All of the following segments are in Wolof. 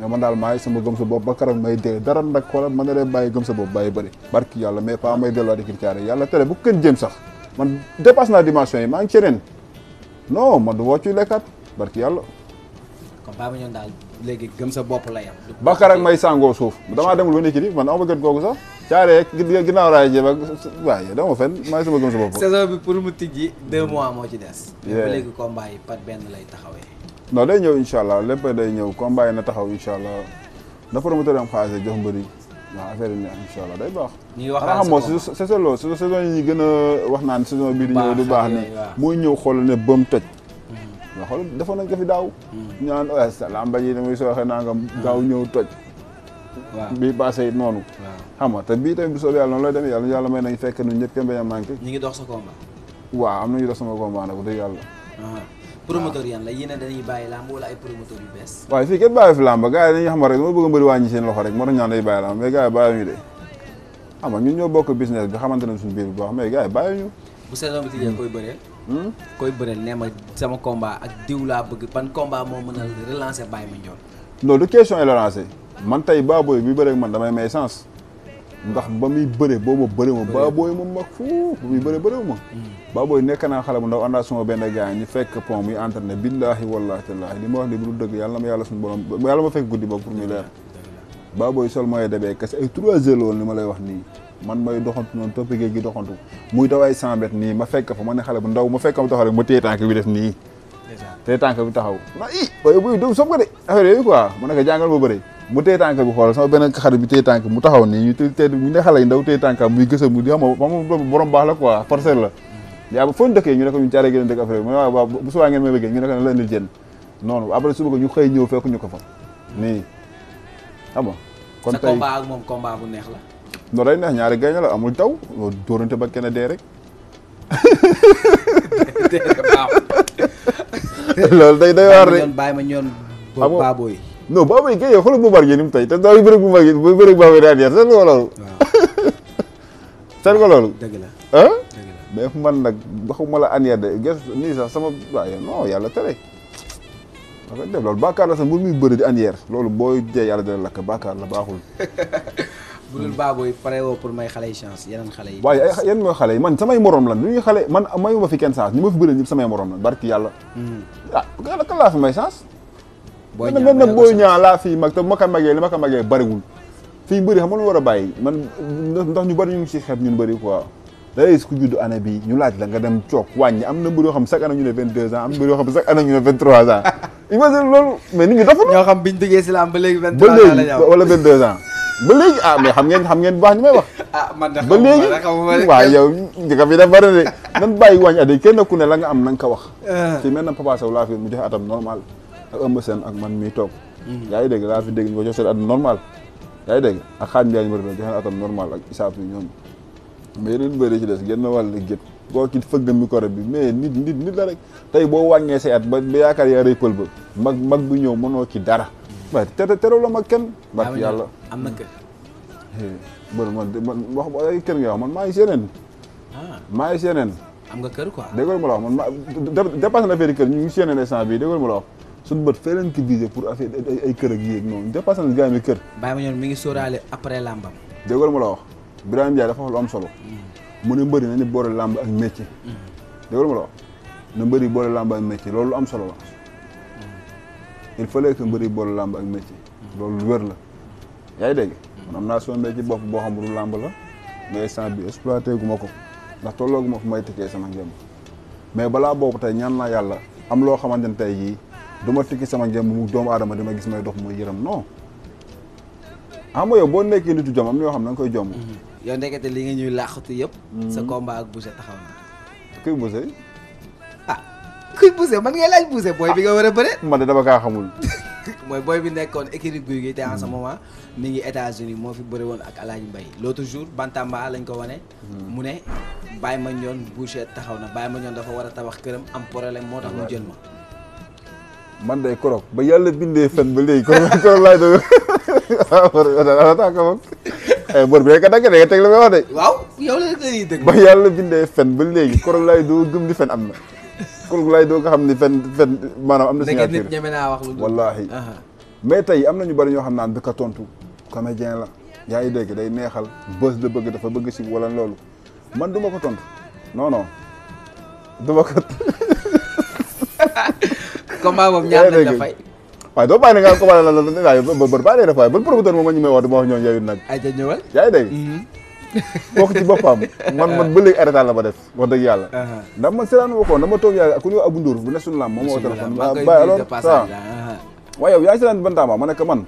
ne man daal maay sama gëm sa bopp ba karam may dee dara nag xoolal mën na leen bàyyi gëm sa bopp bàyyi bëri barki yàlla mais pas may delluwaat écurie Thiaroye yàlla tere bu kenn jëm sax man dépasse naa dimension yi ngi ci ren non man du woo ci lekkaat barki yàlla kon daal léegi gëm sa bopp la yam Bakar ak may sàngoo damaa demul ba nekki di man ama gën googu sax Thiaroye ginnaaw raay jéem ak waaye dama fen maay sama gëm sa bopp saison bi pour mu tijji deux mois moo ci des ba léegi combat yi pat benn lay taxawee non day ñëw incha allah lépp day ñëw combat yi na taxaw incha allah na promoteur am xaalis jox mbëri waaw affaire yi incha day baax. ñuy wax xam nga saison loo saison yi ñu gën a wax naan saison bii di ñëw du baax ni mooy ñëw xool ne bam toj. nga xool defoon nañ ko fi daaw. Hmm. ñu naan waaye lamba ji muy sooxe nangam gaaw ñëw toj. waaw bii passé it noonu. xam nga te bii tamit bu soobee yàlla noonu lay demee yàlla yàlla may nañ fekk ñun ñëpp kenn bañ a manqué. ñu ngi dox sa combat. waaw am na ñu dox sama combat nag bu dëgg yàlla. Ah. promoteur yan la yéen dañuy bàyyi làmb wala ay promoteur yu bees waaw fii kenn bàyyi fi làmb gars yi dañuy xam rek moo bëgg a mbëri wàññi seen loxo rek moo tax ñaan day bàyyi làmb mais gars yi bàyyi ñu de xam ñun ñoo bokk business bi xamante suñu biir bu baax mais gars bàyyi ñu bu saison bi tijjee koy bëreel hmm? koy bëreel nee ma sama combat ak diw bëgg ban combat moo mën a relancer Baye Mandione loolu du question ay relancer man tey Baboy bi bëreeg man ndax ba muy bëre boobu ma bëre ma baabooy ma mag fuuf muy bëre bëre ma mm. baabooy nekk naa xale bu ndaw àndaa suma benn gars ñu fekk pont muy entraîné billaahi wallaahi tallaahi li ma wax li bu dul dëgg yàlla na ma yàlla suñu borom yàlla ma fekk guddi ba pour muy leer baabooy sol mooy debee kese woon li ma lay wax nii man may doxantu noonu topp géej gi doxantu muy daw ay cent nii ma fekk fa ma ne xale bu ndaw ma fekk ma taxaw rek ma téye tànk bi def nii téye tànk bi taxaw na i waaye buy dóom sob ko de affaire yooyu quoi ma mu nekk jàngal ma bëre mu téye tànk bi xoolal sama benn xarit bi téye tànk mu taxaw nii ñu téye ñu ne xale yi ndaw téye tànkam muy gësam mu di xam nga borom baax la quoi parcelle la yaa foo dëkkee ñu ne ko ñu caaree a dëkk affaire bi mu ne waaw waaw bu subaa ngeen may bëggee ñu ne ko ne la indil jën noonu après suba ko ñu xëy ñëw fekk ñu ko fa nii xam nga kon sa combat ak moom combat bu neex la non day neex ñaari gaño la amul taw loolu dóorante ba kenn dee rek loolu day day waar rek bàyyi ma ñoon baaboy non bu amee kay yow xoolal Bombardier ni mu tey te daa yu bëreeg Bombardier bu bëreeg Bombardier daan yar seetlu ko loolu. seetlu ko loolu. dëgg la ah. mais man nag waxuma la anière de gerte nii sax sama waaye non yàlla tere. parce que def loolu bàkkaar la sax mbir muy bëri anière loolu booy dee yàlla dina lakk bàkkaar la baaxul. bu dul baaboy pare woo pour may xale yi chance yeneen xale waaye ay yan xale yi man samay moroom lan du ñuy xale man mayu ma fi kenn chance ñu ma fi bëri ñëpp samay morom lan barki yàlla. Hmm. ah yàlla kan laa fi may chance. booy ñaa man nag booy ñaa laa fii mag te ma ko magee li ma ko magee bariwul fii bëri xam war a bàyyi man ndax ñu bëri ngi si xeeb ñun bëri quoi da ngay gis ku judd année bi ñu laaj la nga dem coog wàññi am na mbir yoo xam chaque année ñu ne 22 ans xam chaque année ñu si la ñu am wala 22 ans ba léegi ah, xam ngeen xam ngeen baax ñu may ah, ba léegi waaw yow njëkk bi dafa bëri de nan bàyyi wàññi kenn ku ne la nga am na ko wax ci ah. mel na Papa Sow laa fi mu joxe atam normal ak Eumeu Sène ak man mii toog mhm. yaa ngi dégg laa fi dégg ñu ko jox seen at normal yaa ngi dégg ak xaaj mbiyaay mbër joxe atam normal ak isaaf yi ñoom mais yeneen bëri ci des génn wàll gét boo ki fëgg micro bi mais nit nit nit la rek tey boo wàññee say at ba ba yaakaar yaa rëy pël ba mag mag bi ñëw mënoo ci dara waaye te terew la mag ken bark yàlla am na kër bër man wax ay kenn nga wax man maa ngi seeneen ah. maa ngi seeneen am nga kër quoi déggoo ma la wax man ma dépassé na affaire kër ñu ngi seeneen instant bii déggoo ma la wax su bët fee leen ko visé pour affaire ay kër ak yéeg noonu dépassé na gars yi kër. Baye après làmbam. dégg nga ma la wax Birame Ndiaye dafa wax solo. Mm. mu ne mbëri nañu boole làmb ak métier. Mm. dégg na mbëri boole làmb ak métier loolu lu am solo la. Mm. il fallait que mbëri làmb ak métier. loolu wér la. yaa ngi dégg man naa sama mbéy ci boo xam ne làmb la mais instant bi exploité ma ko ndax tolloo gu ma fu may tëkkee sama njëmm mais balaa boobu tey ñaan naa yàlla am loo xamante ne tey du ma tikki sama ngëm mu doomu aadama dama gis may dox mooy yërëm non xam ah, nga yow boo nekkee nitu jom am na yoo xam ne da nga koy jom. Mm-hmm. yow ndekete li nga ñuy laaxatu yëpp. Mm-hmm. sa combat ak Boucher taxaw na. kuy Boucher. ah kuy Boucher man ngay laaj Boucher booy bi nga war a bëre. Ah, man de dama kaa xamul. mooy booy bi nekkoon écurie Gouye Gui te en ce moment mi ngi États-Unis moo fi bëri woon ak Alaaji Mbaye l'autre jour Bantamba lañ ko wane. Mm-hmm. mu ne Baye Mandione Boucher taxaw na ma ñoon dafa war a tabax këram am problème moo tax mu jël man day korok ba yàlla bindee fen ba léegi korok korok laay doon waaw d'accord bor eh, teg la may wax la ñuy yàlla bindee fen ba léegi korok laay doo gëm ni fen am na korok laay doo nga xam ni fen fen am na. signature da nit wax lu dul mais tey am na ñu bari ñoo xam naan dëkk tontu comédien la yaa ngi dégg day neexal bës la bëgg dafa bëgg si wala loolu man du ko tontu non non ko. combat boobu ñaar eh, lañ la fay. waaye doo bàyyi ne nga xam combat la la la waaye bër baa lay def waaye ban promoteur moom nga ñu may wax du ma wax ñoom yooyu nag. ayca ñëwal yaa ngi dégg. Mhm. kooku ci boppam man man ba léegi arrêté la ba def wax dëgg uh-huh. man seetaan woo toog yàgg ku ñëw Abou Ndour bu yaa ngi seetaan bantamba ma nekk man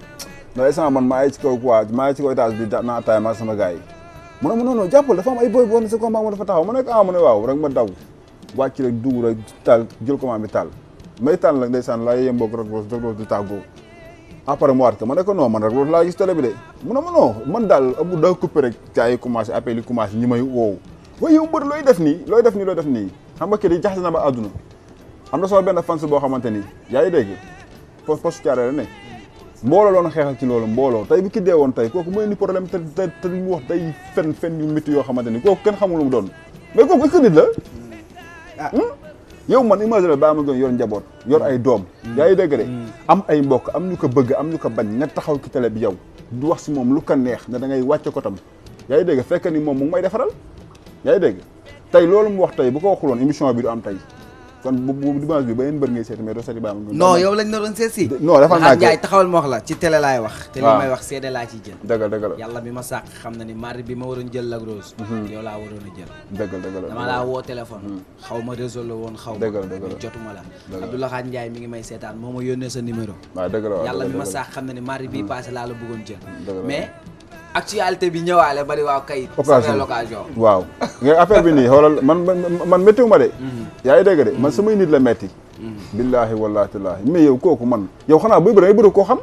man maa ngi ci kaw quoi maa ngi ci kaw étage bi naa ataay maa sama gars yi mu ne ma non non jàppal dafa am ay boy boo xam ne sa ma dafa taxaw ma nekk ah mu ne waaw ma daw wàcc rek dugg rek taal jël combat bi taal maytaan nag ndeysaan laa yem boog Lac Rose Lac Rose du tàggoo après mu waat ko ma ne ko non man Lac Rose laa gis télé bi de mu ne ma non man daal abu daa coupé rek commencé appel yi commencé ñi may woowu looy def nii looy def nii xam nga kii na ma am na sama benn fans boo xamante ni yaa ngi dégg post post carré la ne mbooloo loon xeexal ci loolu mbooloo tey bi dee woon tey kooku mooy ni problème te te mu wax day fen fen yu xamante ni kooku kenn xamul lu mu doon mais kooku est-ce que nit la ah. hmm? yow man imagine baa ma doon yor njaboot yor ay doom mm. yaa ngi dégg de mm. am ay mbokk am ñu ko bëgg am ñu ko bañ nga taxaw ci télé bi yow du wax si moom lu ko neex ne dangay ngay wàcce ko tam yaa ngi dégg fekk ni moom mu ngi may defaral yaa ngi dégg tey loolu mu wax tey bu ko waxuloon émission bi du am tey kon bu bu dimanche bi beneen mbër ngay seeti mais doo seeti Baye Mandione. non yow lañ la doon seet si. non dafa naa ko taxawal ma wax la ci télé laay wax. te may wax seede yàlla ma sàq xam na ni mardi bi ma waroon jël Lac Rose. Mhm. yow laa waroon a jël. dëgg la dama laa woo téléphone. Mhm. xaw ma réseau la woon xaw ma. dëgg la dëgg la jotuma la. Abdoulaye Ndiaye mi ngi may seetaan moo ma yónnee sa numéro. waaw dëgg la waaw yàlla bi ma sàq xam na ni mardi bii mhm. passé laa la bëggoon jël actualité bi ñëwaale ba di waaw kay. occasion l'occasion waaw. nga affaire bi nii xoolal man man méttiwu ma de. Mhm. yaa ngi dégg de man mhm. samay nit la metti mhm. billaahi wallaahi tallaahi mais yow kooku man yow xanaa buy bëri ay bëri koo xam.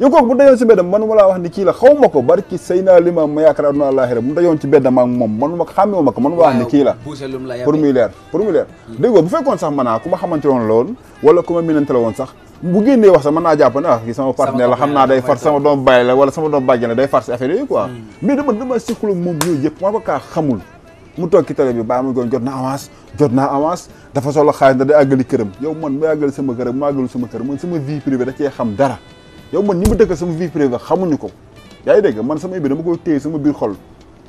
kooku bu dajoon ci beddam man walaa wa ni kii la xaw ma ko barki sëy naa li ma ma yaakaar aduna àllaaxira mu dajoon ci beddam moom man ma xàmmewu man wax ni kii la pour muy leer pour muy bu fekkoon sax man naa ah, ku ma xamante woon la woon wala ku ma minante woon sax bu génnee wax sax mën naa jàpp ne ah sama partenaire la xam naa day far sama doom bàyyi la wala sama doom bàjjen la day far si affaire yooyu quoi hmm. mais dama ma ba kaa xamul mu toog ci télé bi baa ma goon jot naa avance jot naa avance dafa soxla xaalis da day àggali këram yow man ma àggali sama këram ma àggalu sama kër man da cee xam dara yow man ñi ma dëkk sama vie privée xamuñu ko yaa ngi dégg man sama biir dama koy téye sama biir xol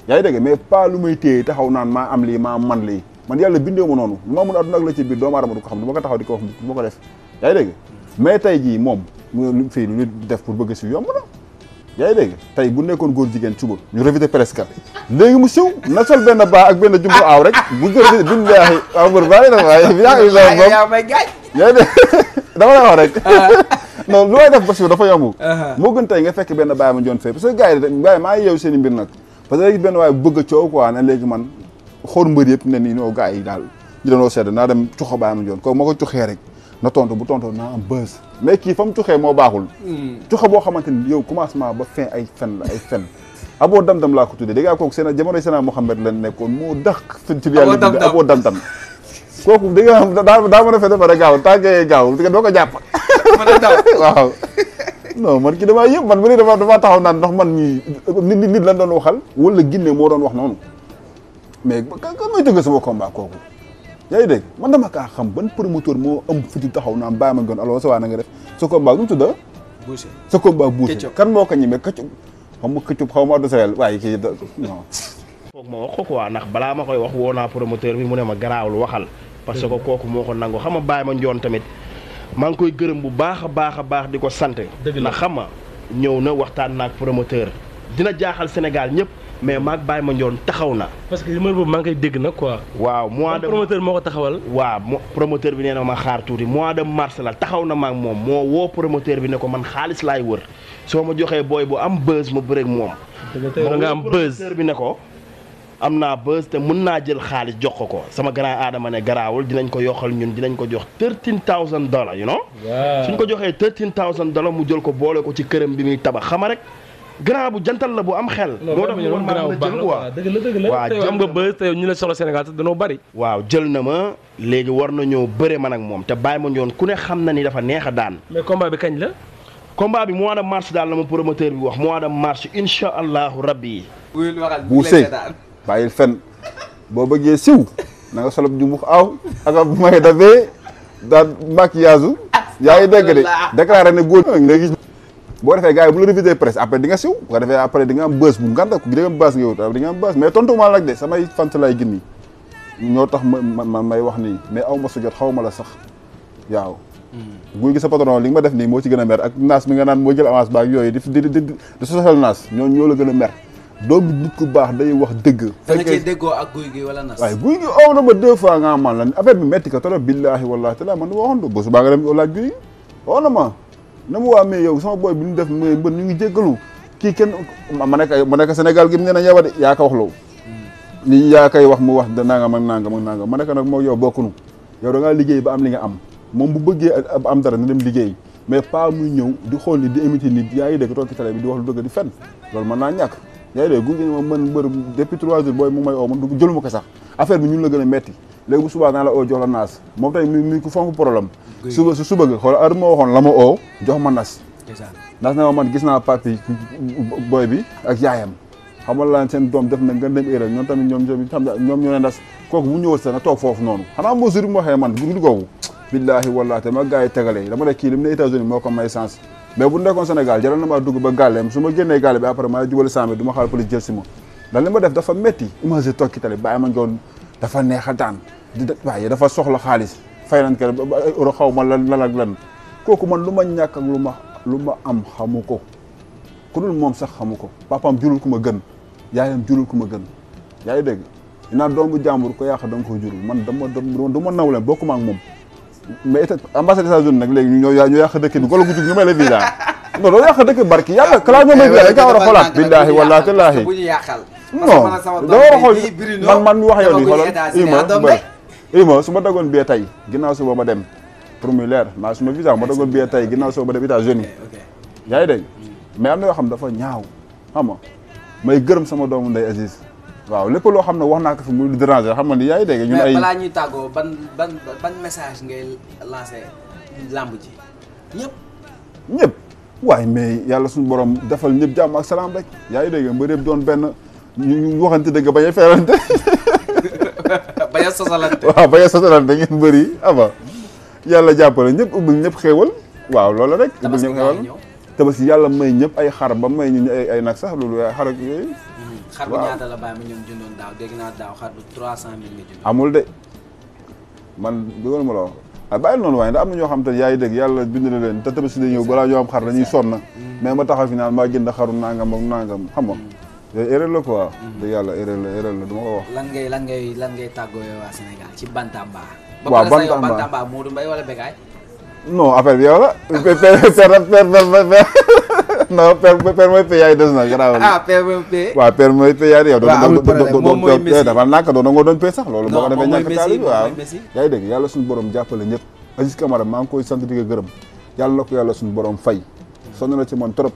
yaa ngi dégg mais pas lu may téye taxaw naan maa am lii maa man lii man yàlla bindee ma noonu lu ma mën àdduna ak la ci biir doomu aadama du ko xam du ma ko taxaw def yaa dégg mais tey jii moom mu lu fii lu ñu def pour bëgg si yomb na yaa ngi dégg tey bu nekkoon góor jigéen suba ñu révité presque léegi mu siw na sol benn baa ak benn jumbo aaw rek bu jël billaahi ambar bàyyi na waaye yaa may gaañ yaa ngi rek ah. non lu may def ba siw dafa yomb ah. moo gën tey nga fekk benn bàyyi ma joon fee parce que gars yi bàyyi seen i mbir nag parce que léegi benn waaye bëgg a coow quoi ne léegi man xool mbër yëpp ne nii noo gars yi daal ñu doonoo naa dem cuxa bàyyi ma joon kooku moo ko cuxee rek na tontu bu tontoo naa am bës mais kii fa mu moo baaxul hmm. cuxe boo xamante ni yow commencement ba fin ay fen la ay fen aboo dam-dam laa ko tuddee dégg nga kooku seen jamono seen Mouhamed la nekkoon moo dax ci yàlla bi aboo dam-dam kooku dégg nga daa mën a fe defare gaaw tàggee gaaw di nga doo ko jàpp mën a daw waaw non man ki damaa yëpp man bu ne dafa damaa taxaw naan ndox man ñi nit nit lan doon waxal wala ginne moo doon wax noonu mais kan mooy tëgg sama combat kooku yaa de man dama kaa xam ban promoteur moo am fitu taxaw naan bàyyi ma goon alors waa na nga def sa combat nu mu tudda Boucher sa combat Boucher kan moo ko ñemee këccub xam nga ma addu waaye kii ma wax ko waa ndax balaa ma koy wax woo naa promoteur bi mu ne ma garaawul waxal parce que kook moo ko nangu xam nga bàyyi ma njoon tamit maa ngi koy gërëm bu baax a baax a baax di ko sant na xam nga ñëw na waxtaan naak promoteur dina jaaxal Sénégal ñëpp mais maag Baye Mandione taxaw na. parce que rumeur boobu maa ngi koy dégg nag ko waaw mois de promoteur moo ko taxawal. waaw promoteur bi nee na ma xaar tuuti mois de mars la taxaw na maag moom moo woo promoteur bi ne ko man xaalis laay wër soo ma joxee booy bu am buzz ma bëreeg moom. da nga am buzz promoteur bi ne ko. am naa buzz te mën naa jël xaalis jox ko ko sama grand aadama ne garaawul dinañ ko yokkal ñun dinañ ko jox thirteen thousand dollars you know. suñ ko joxee thirteen thousand dollars mu jël ko boole ko ci këram bi muy tabax xama rek. grand bu jantal la bu am xel. moo tax ñu mën a jël ba te ñu la soxla Sénégal danoo bari. waaw jël na ma léegi war na nañoo bëre ma nag moom te bàyyi ma ñoon ku ne xam na ni dafa neex a daan. mais bi kañ la. combat bi mois de mars daal la ma promoteur bi wax mois de mars incha allahu rabbi. bu sëy bàyyil fen boo bëggee siw na nga solob jubux aw a ab may dafee daan maquillage ah, yaa ngi dégg de déclaré ne góor nga gis. boo defee gars yi bu la révisé presse après di nga siw bu ko defee après di nga am bës bu nganda di nga am bës nga yow am ma nag ma may wax nii mais aw ma sa jot xaw ma la sax waaw hmm. guy gi li nga ma nii moo ci gën a mer ak naan moo jël avance baak yooyu di di di wax dëgg. fekkee nga déggoo ak oo na ma deux fois nga man la affaire bi metti ko trop billaahi wallaahi taala man waxoon du bu subaa ma na mu waa mais yow sama booy bi ñu def mais mbër ñu ngi jéggalu kii kenn ma nekk ma nekk Sénégal gi mu ne na yow de yaa ka wax loolu hmm. li yaa koy wax mu wax da nangam ak nangam ak nangam ma nekk nag moo yow bokkunu yow da ngaa ba am li nga am moom bu bëggee am dara na dem liggéey mais pas muy ñëw xool nit di émiti ngi dégg toog ci télé bi di wax lu dëgg di fen loolu mën naa ñàkk yaa ngi dégg ma mbër depuis trois booy mu may oo jëluma ko sax affaire bi ñun la gën a metti léegi bu subaa naa la oo jox la naas moom tey mi mi ku fonk problème suba su suba ga xool ma jox ma na man gis naa papi boy bi ak yaayam xamal laa seen doom def na nga dem éra bu ñëwal sax na toog foofu noonu xanaa mesure bi mu waxee man guddi googu billaahi wallaahi te ma gars yi tegalee dama kii li ma génnee gàlle bi après maa jubali 100 mètres du ma police jël si ma ndax li ma def dafa metti imagine toog ci tali ma ngoon dafa neex a daan di waaye dafa soxla xaalis fay nañ ko xaw ma lan lan ak lan kooku man lu ma ñàkk ak lu ma lu ma am xamu ko ku dul moom sax xamu ko papaam jurul ku ma gën yaayam jurul ku ma gën yaa ngi dégg dinaa mu jàmbur ko yàq da nga koy jurul man dama du ma naw leen bokkuma ak moom mais état ambassade États-Unis nag léegi ñoo ñoo yàq dëkk bi golo gu jug ñu may la visa non loolu yàq dëkk barki yàlla kalaa ñoo may war a xoolaat billaahi wallaahi tallaahi non da war a xool man man wax yow nii xoolal ima mbër ima su ma dagoon bee tey ginnaaw suba ma dem pour muy leer maa suma visa ma dagoon bee tey ginnaaw suba ma dem États-Unis yaa ngi dégg am na yoo xam dafa ñaaw xam nga may gërëm sama doomu ndey Aziz waaw lépp loo xam ne wax naa ko fi mu déranger xam nga ni yaa ngi dégg ñun ay balaa ñuy tàggoo ban ban ban message ngay lancé làmb ji ñëpp ñëpp waaye mais yàlla suñu borom defal ñëpp jàmm ak salaam yaa ngi dégg mbër doon benn ñu waxante dëgg bañ a feerante. bañ a sosalante. waaw bañ a sosalante ngeen bëri aba ah yàlla jàppale ñëpp ubbil ñëpp xéewal waaw loolu rek. ubbil ñëpp xéewal tabaski yàlla may ñëpp ay xar ba may ñu ay ay nag sax loolu ay xar ak yooyu. Mm-hmm. xar bu ñaata la bàyyi ma naa daaw xar bu 300000 amul de man dëggoon ma la wax ah noonu waaye ndax am na ñoo xam te yaa ngi yàlla bind na leen te tabaski day ñëw balaa ñoo am xar dañuy sonn mm-hmm. mais ma taxaw fi naan maa jënd xaru nangam ak nangam xam nga mm-hmm. yooyu erreur la quoi. dëgg yàlla erreur la erreur la du ma ko wax. lan ngay lan ngay lan ngay tàggoo yow waa Sénégal ci Bantamba. waaw Bantamba ba pare sa yow Bantamba Modou Mbaye wala Bécaye. non affaire bi yow la. per per per non per per mooy pay yaay des na garaawal. ah per mooy pay. waaw per mooy pay yaay yow. waaw amul problème moom mooy Messi dafa naka doon nga doon pay sax. loolu boo ko defee ñàkk taali waaw yaa ngi dégg yàlla suñu borom jàppale ñëpp. Aziz Camara maa ngi koy sant di ko gërëm yàlla na ko yàlla suñu borom fay. sonn na ci man trop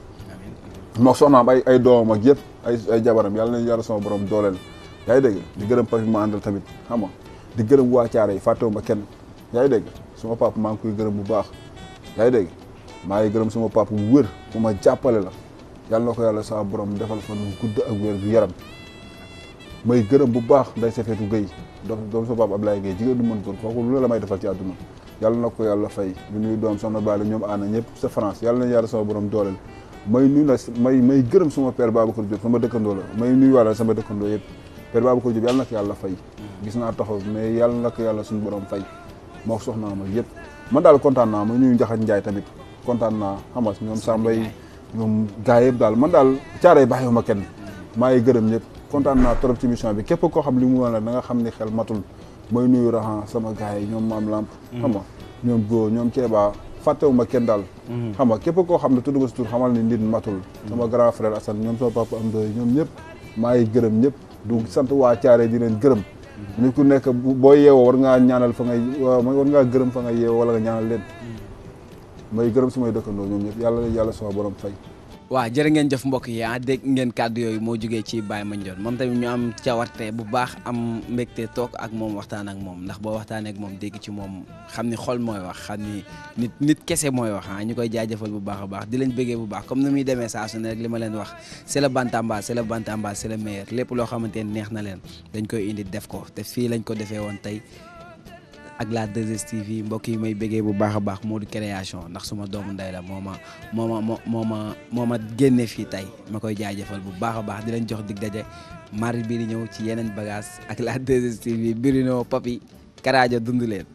moo soxnaam ay ay doomam ak yëpp ay ay jabaram yàlla nañu yàlla sama borom dooleel yaa dégg di gërëm papi ma àndal tamit xam nga di gërëm waa Thiaroye fàttewuma kenn yaa ngi dégg suma papa maa ngi koy gërëm bu baax yaa ngi dégg maa ngi gërëm suma papa bu wér bu ma jàppale la yàlla na ko yàlla borom defal fan bu gudd ak yaram may gërëm bu baax nday safeetu Guèye do doom sama papa Ablaye Guèye jigéen du mën góor kooku lu la may defal ci àdduna yàlla na ko yàlla fay lu ñuy doom soxna baale ñoom ànd ñëpp sa France yàlla na yàlla sama borom dooleel may nuyu la may may gërëm suma père Babacar Diop sama dëkkandoo la may nuyu wàlla sama dëkkandoo yëpp père Babacar Diop yàlla na ko yàlla fay gis naa taxaw mais yàlla na yàlla suñu boroom fay moo soxnaa ma yëpp man daal kontaan naa ma nuyu Njaxat Njaay tamit kontaan naa xamas ñoom Sambay ñoom gars yëpp daal man daal caaree bàyyiwuma kenn maa ngi gërëm ñëpp kontaan naa trop ci mission bi képp koo xam li mu woon la da nga xam ni xel matul may nuyu raxan sama gars yi ñoom maam lamp xam nga ñoom góor ñoom ceebaa fàttewuma kenn daal hmm. xam nga képp koo xam ne tudd nga sa tur xamal ni nit matul hmm. sama grand frère Assane ñoom sama papa am ñoom ñëpp maa ngi gërëm ñëpp du sant waa caare di leen gërëm hmm. nit ku nekk boo yeewoo war ngaa ñaanal fa ngay war ngaa gërëm fa nga yeewoo wala nga ñaanal leen may gërëm sumay dëkkandoo ñoom ñëpp yàlla yàlla sama borom fay waaw jërë ngeen jëf mbokk yi ah dégg ngeen kàddu yooyu moo jógee ci Baye Mandione moom tamit ñu am cawarte bu baax am mbégte toog ak moom waxtaan ak moom ndax boo waxtaanee ak moom dégg ci moom xam ni xol mooy wax xam ni nit nit kese mooy wax ah ñu koy jaajëfal bu baax a baax di leen bëggee bu baax comme ni muy demee saa ne rek li ma leen wax c'est le bantamba c'est le bantamba c'est le meilleur lépp loo xamante ne neex na leen dañ koy indi def ko te fi lañ ko defee woon tey ak la 2STV mbokk yi may bëggee bu baax a baax moo Modou création ndax suma doomu ndey la moo mooma moo ma moo ma moo ma génne fii tey ma koy jaajëfal bu baax a baax di leen jox dig daje mardi bii di ñëw ci yeneen bagage ak la 2STV Bruno Papi Karajo dund leen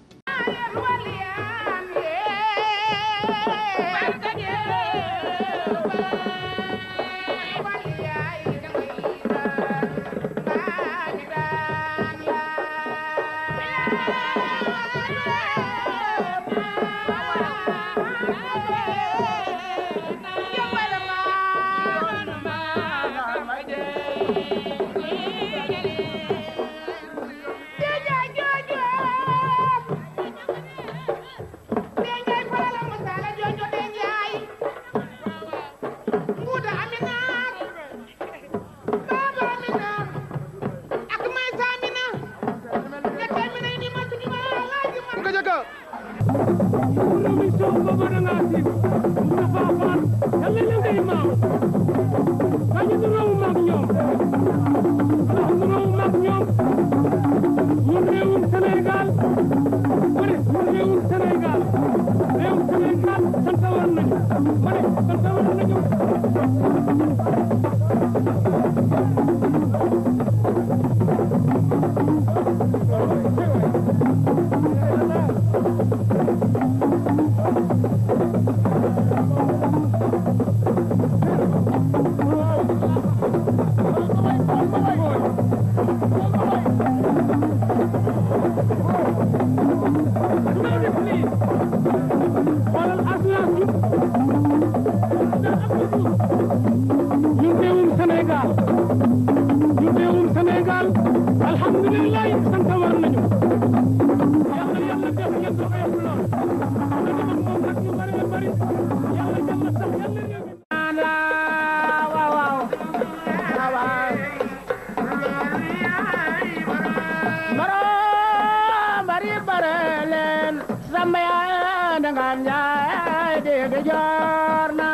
dangaan jaay dégg joor na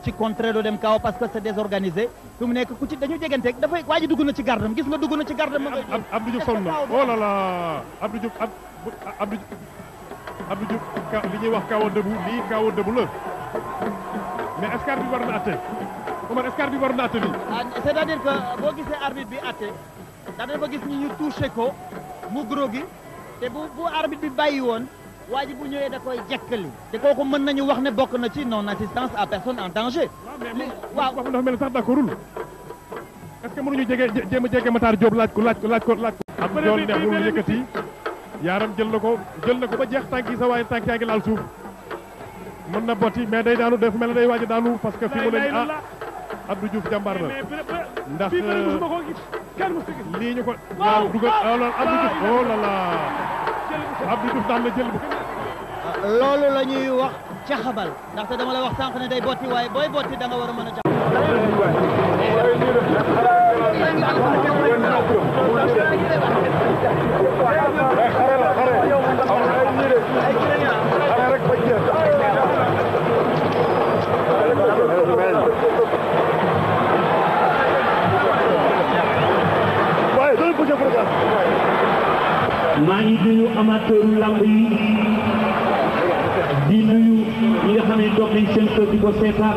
ci contré doo dem kaw parce que c'est désorganisé fi mu nekk ku ci dañu jeganteeg dafay waa ji dugg na ci gardam gis nga dugg na ci gardam Abdou Diouf sonn na oh là là Abdou bu Abdou Abdou Diouf ka ñuy wax kaw dëbu lii kaw dëbu la mais est-ce que arbitre bi war na atte Omar est-ce que arbitre bi war na atte lii. Ah, c'est-à-dire que boo gisee arbitre bi atte da dafa gis ñi ñu touché ko mu gros gi te bu bu arbitre bi bàyyi woon waa ji bu ñëwee da koy jekkali te kooku mën nañu wax ne bokk na ci non assistance à personne en danger. waaw mais dafa mel sax d'accordul est-ce que mënuñu jege jéem a jege Matar Diop laaj ko laaj ko laaj ko laaj ko. am yoon neexul yëkkati. yaa yaaram jël na ko jël na ko ba jeex tànk sa waaye tànk yaa ngi laal suuf mën na botti mais day daanu def mel na day waaj a daanu parce que fi mu ne ah Abdou Diouf jàmbaar la ndax euh, lii ko ñaaw dugal oh, oh ah, la ñuy wax caxabal ndaxte dama la wax sànq ne day botti waaye booy botti da war a mën a maa ngi nuyu amateur lamb yi di nuyu ñi nga xam ne toog nañ seen kër di ko seetaan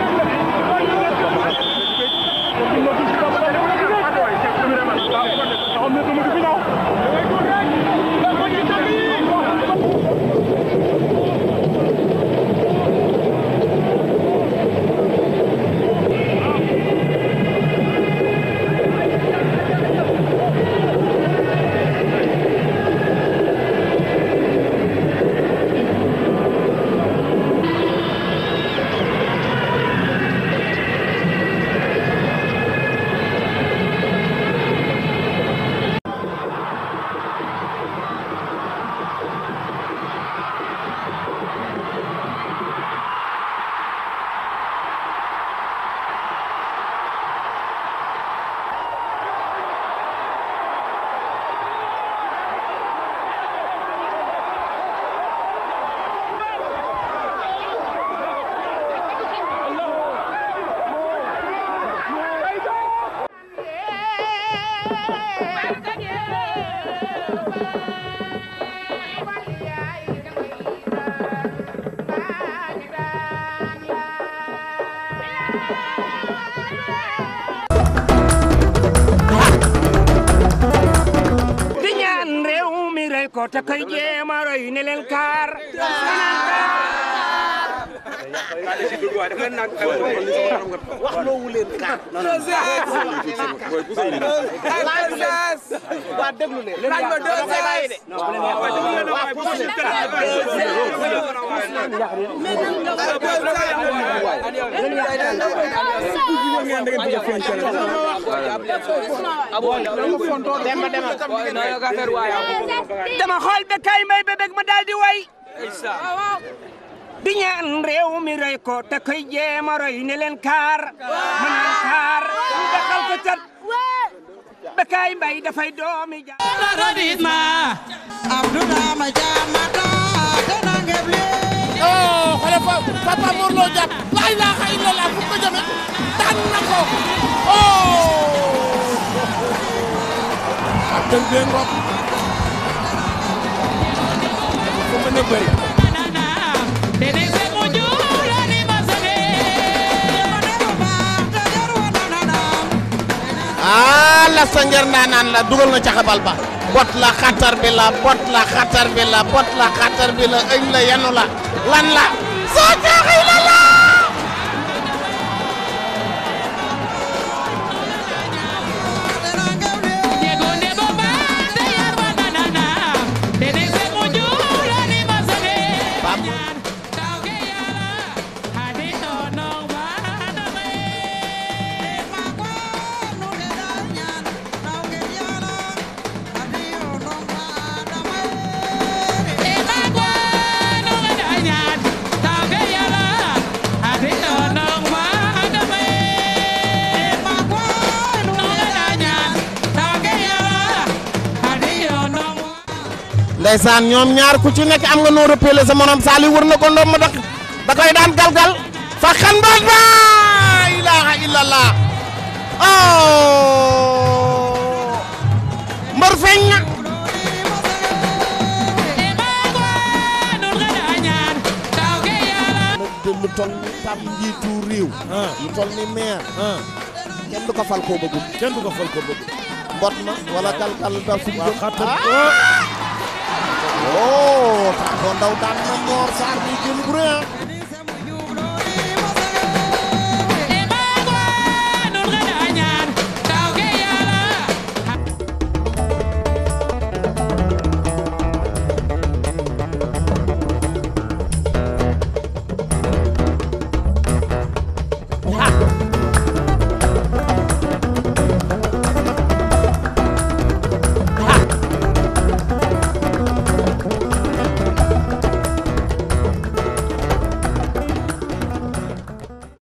te koy jéem a roy ne leen kaar ne kaar wax loo wuleen dara. non non waa déglu leen. laaj ma deux heures. dama xool ba kay may ba bëgg ma daal di way. di ñaan réew mi roy ko te koy jéem a roy leen kaar mu naan kaar ñu daxal ko dafay doomi ja radit ma abdou dama jamata dana ngeble oh xale fa papa mor lo jàpp la ilaha fu ko jëme na ko oh abdou ngeen rob ko mën ah Lasta Ngeer ndaanaan la dugal na caxabal ba bot la xatar bi la bot la xatar bi la bot la xatar la ëñ la yenu la lan la soo caaxay la ndeysaan ñoom ñaar ku ci nekk am nga noo rëppale sa morom Saali wër na ko ndoom ma dak da koy daan galgal fa xan baat ba ilaha illallah oh mbër feeñ ah. ah. kenn du ko fal koo bëggul kenn du ko fal koo bëggul mbot ma wala galgal ba fu oh Tanko Ndaw daan na Mor Sarr bi jël bu rëy